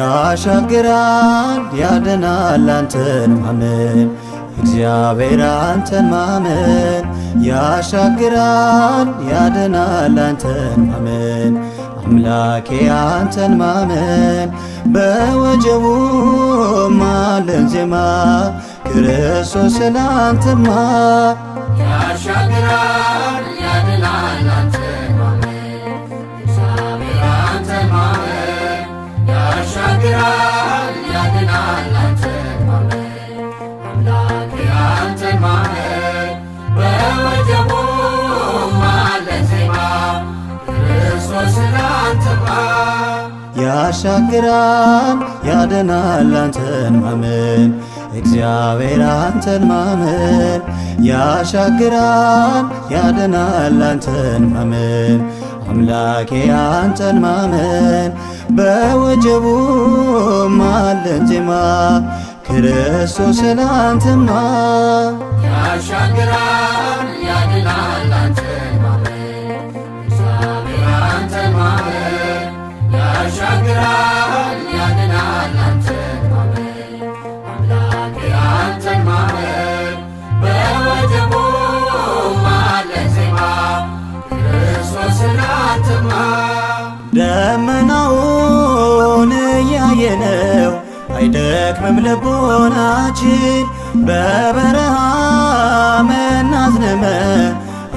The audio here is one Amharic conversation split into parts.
ያሻግራል ያድናል አንተን ማመን እግዚአብሔር አንተን ማመን ያሻግራል ያድናል አንተን ማመን አምላኬ አንተን ማመን በወጀቡ ማለን ዜማ ክርስቶስን አንተማ ያሻግራል ያድናል አንተን ያሻግራል ያድናል አንተን ማመን አምላክ አንተን ማመን በወጀቡ ማለ ዜማ ክርስቶስን አንተባ ያሻግራል ያድናል አንተን ማመን እግዚአብሔር አንተን ማመን ያሻግራል ያድናል አንተን ማመን አምላኬ አንተን ማመን በወጀቡ ማለን ዜማ ክርስቶስ ለአንተማ ያሻግራል ያድናል ማመን እግዚአብሔር አንተን ማመን ያሻግራል ያድናል ነው አይደክምም ልቦናችን በበረሃ መናዝነመ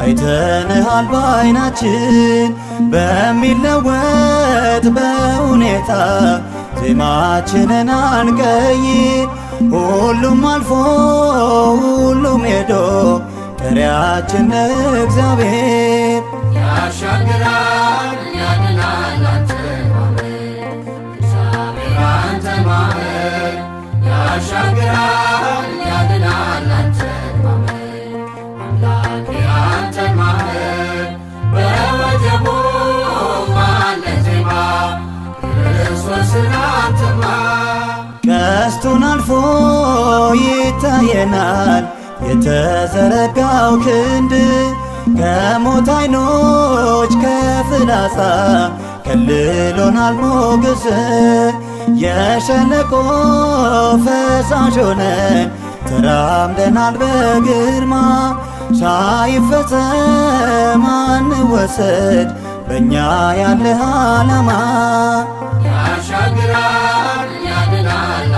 አይተንሃል በዓይናችን በሚለወጥ በሁኔታ ዜማችንን አንቀይር። ሁሉም አልፎ ሁሉም ሄዶ ቀሪያችን እግዚአብሔር ያሻግራል ያድናል መቅሰፍቱን አልፎ ይታየናል የተዘረጋው ክንድ ከሞት አይኖች ከፍላጻ ከልሎናል ሞገስ የሸለቆ ፈሳሽ ሆነን ተራምደናል በግርማ ሳይፈጸም አንወሰድ በእኛ ያለህ ዓላማ ያሻግራል ያድናል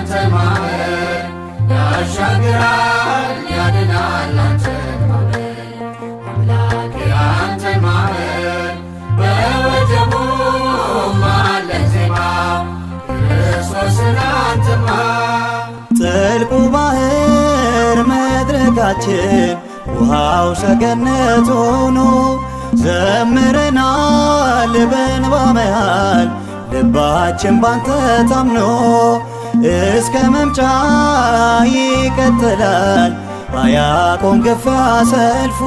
ላንተ ማመን ያሻግራል ያድናል ላንተ ማመን አምላኬ አንተ በወጀቡ ማለን ዜማ ጥልቁ ባህር መድረካችን ውሃው ሰገነት ሆኖ ዘምረናል ልባችን ባንተ ታምኖ እስከ መምጫ ይቀጥላል ባያቆም ገፋ ሰልፉ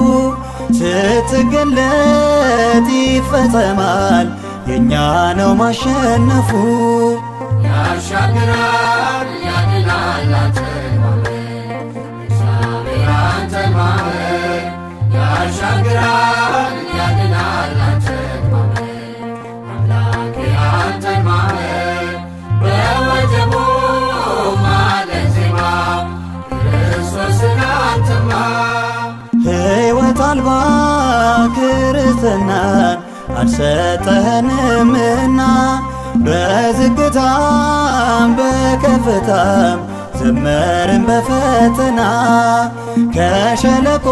ስትገለጥ ይፈጸማል የእኛ ነው ማሸነፉ ያሻግራል ያድላላት ዋልተናል አልሰጠህንምና በዝግታም በከፍታም ዘመርን በፈተና ከሸለቆ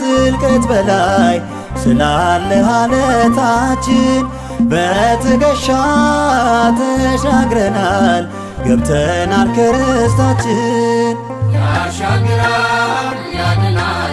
ጥልቀት በላይ ስላለ ሀለታችን በትከሻ ተሻግረናል ገብተናል ክርስታችን ያሻግራል ያድናል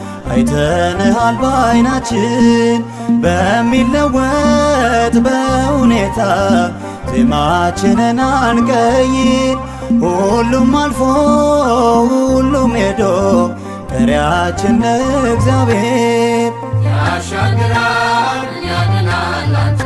አይተንሃል ባይናችን በሚለወጥ በሁኔታ ዜማችንን አንቀይር። ሁሉም አልፎ ሁሉም ሄዶ ከሪያችን እግዚአብሔር ያሻግራል ያድናል።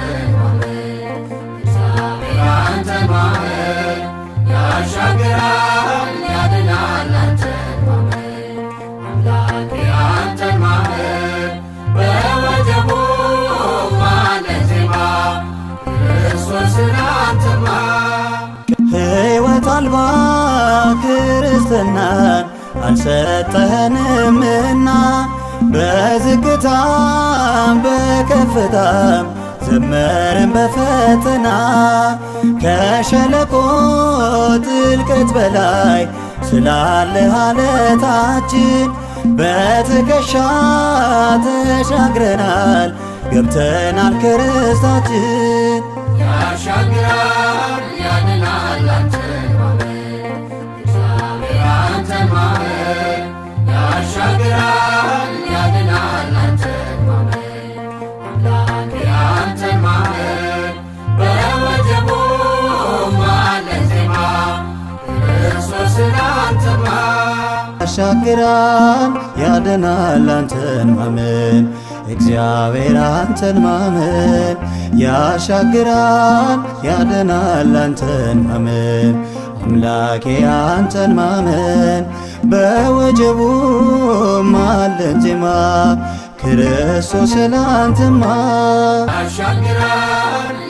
አልባ ክርስትናን አልሰጠህንምና በዝግታም በከፍታም ዘመርን በፈተና ከሸለቆ ጥልቀት በላይ ስላለ አለታችን በትከሻ ተሻግረናል ገብተናል ክርስታችን ያሻግራል ያድናል ሰማይ ያሻግራል ያድናል አንተን ማመን አምላክ ማመን በወጀቡ ማለን ዜማ እግዚአብሔር አንተን ማመን ያሻግራል ያድናል አንተን ማመን አምላኬ አንተን ማመን በወጀቡ ማለን ዜማ ክርስቶስ ስላንተማ አሻግራል